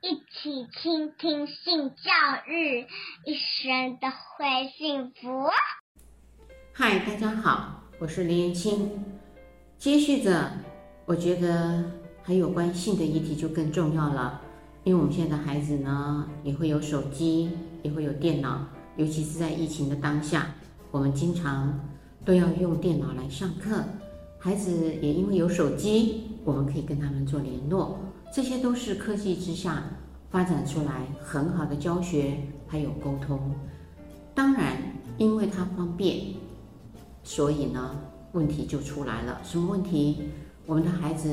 一起傾聽性教育，一生都會幸福。嗨，大家好，我是林燕卿。接續着，我覺得很有關性的議題就更重要了，因為我們現在的孩子呢也會有手機，也會有電腦，尤其是在疫情的當下，我們經常都要用電腦來上課，孩子也因為有手機，我們可以跟他們做聯絡。這些都是科技之下發展出來很好的教學，還有溝通。當然，因為它方便，所以呢，問題就出來了。什麼問題？我們的孩子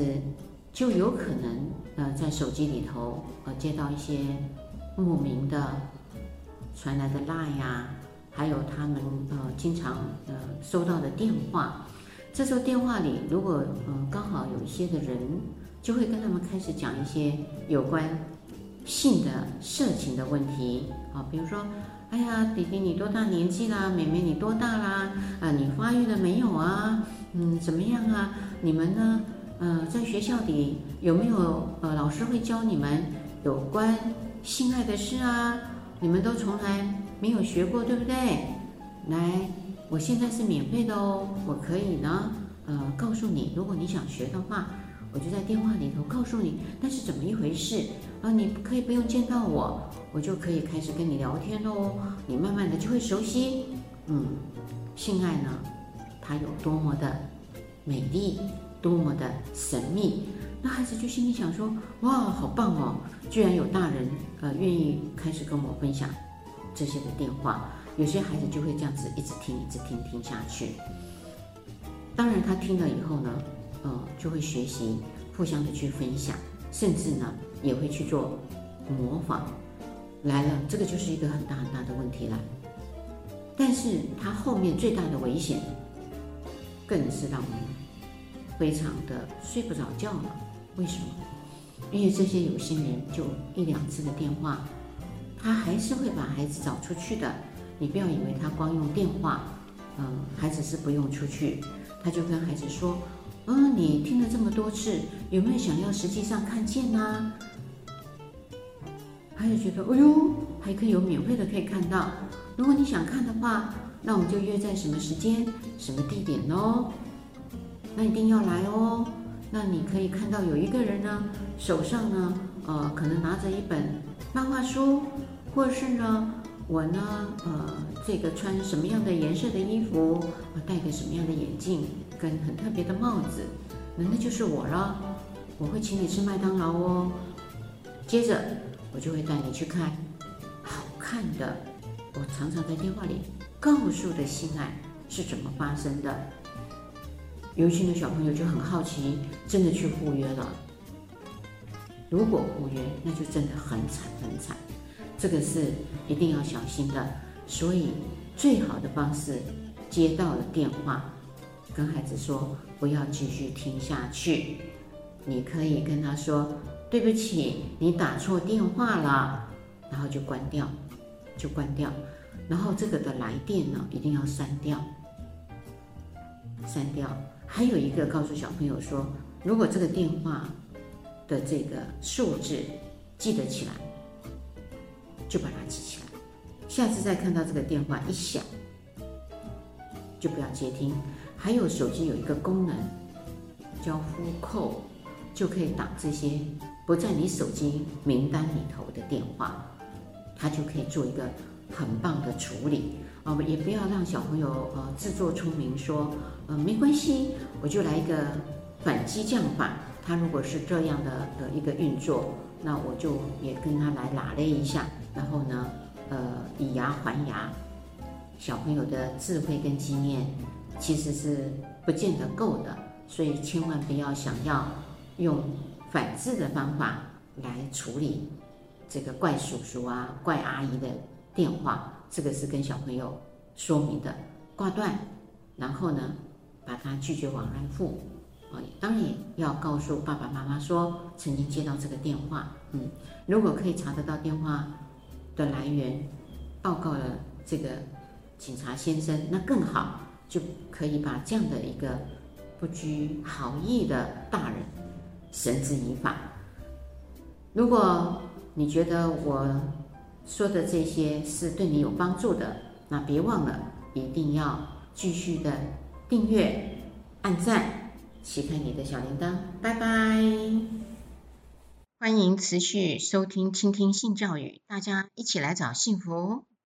就有可能，呃，在手機裡頭，呃，接到一些莫名的傳來的賴呀，還有他們呃，經常呃收到的電話。這時候電話裡，如果嗯，呃，剛好有一些的人。就會跟他們開始講一些有關性的色情的問題，啊，比如說，哎呀，弟弟你多大年紀啦？妹妹你多大啦？啊，你發育了沒有啊？嗯，怎麼樣啊？你們呢？呃，在學校裡有沒有呃老師會教你們有關性愛的事啊？你們都從來沒有學過，對不對？來，我現在是免費的哦，我可以呢，呃，告訴你，如果你想學的話。我就在電話裡頭告訴你那是怎麼一回事啊！你可以不用見到我，我就可以開始跟你聊天嘍。你慢慢的就會熟悉，嗯，性愛呢，它有多麼的美麗，多麼的神秘。那孩子就心裡想說：哇，好棒哦！居然有大人呃願意開始跟我分享這些的電話。有些孩子就會這樣子一直聽，一直聽，一直聽，聽下去。當然，他聽了以後呢。呃，就會學習互相的去分享，甚至呢也會去做模仿。來了，這個就是一個很大很大的問題了。但是他後面最大的危險，更是讓我們非常的睡不着覺了。為什麼？因為這些有心人就一兩次的電話，他還是會把孩子找出去的。你不要以為他光用電話，嗯、呃，孩子是不用出去，他就跟孩子說。嗯、哦，你聽了這麼多次，有沒有想要實際上看見呢？還有覺得，哎呦，還可以有免費的可以看到。如果你想看的話，那我們就約在什麼時間、什麼地點哦。那一定要來哦。那你可以看到有一個人呢，手上呢，呃，可能拿着一本漫畫書，或是呢。我呢，呃，這個穿什麼樣的顏色的衣服，戴個什麼樣的眼鏡，跟很特別的帽子，那那就是我了。我會請你吃麥當勞哦。接着，我就會帶你去看好看的。我常常在電話裡告訴的性愛是怎麼發生的。有一些呢，小朋友就很好奇，真的去赴約了。如果赴約，那就真的很慘，很慘。這個是一定要小心的，所以最好的方式，接到了電話，跟孩子說不要繼續聽下去，你可以跟他說對不起，你打錯電話了，然後就關掉，就關掉，然後這個的來電呢一定要刪掉，刪掉。還有一個告訴小朋友說，如果這個電話的這個數字記得起來。就把它記起來，下次再看到這個電話一響，就不要接聽。還有手機有一個功能叫呼扣，就可以擋這些不在你手機名單裡頭的電話，它就可以做一個很棒的處理。啊、呃，也不要讓小朋友呃自作聰明說呃沒關係，我就來一個反激將法。它如果是這樣的呃一個運作，那我就也跟他來拿了一下。然後呢，呃，以牙還牙，小朋友的智慧跟經驗其實是不見得夠的，所以千萬不要想要用反制的方法來處理這個怪叔叔啊、怪阿姨的電話，這個是跟小朋友說明的，掛斷，然後呢，把他拒絕往來戶啊，當然要告訴爸爸媽媽說曾經接到這個電話，嗯，如果可以查得到電話的來源報告了這個警察先生，那更好，就可以把這樣的一個不懷好意的大人繩之以法。如果你覺得我說的這些是對你有幫助的，那別忘了一定要繼續的訂閱、按讚、啟開你的小鈴鐺，拜拜。歡迎持續收聽傾聽性教育，大家一起來找幸福。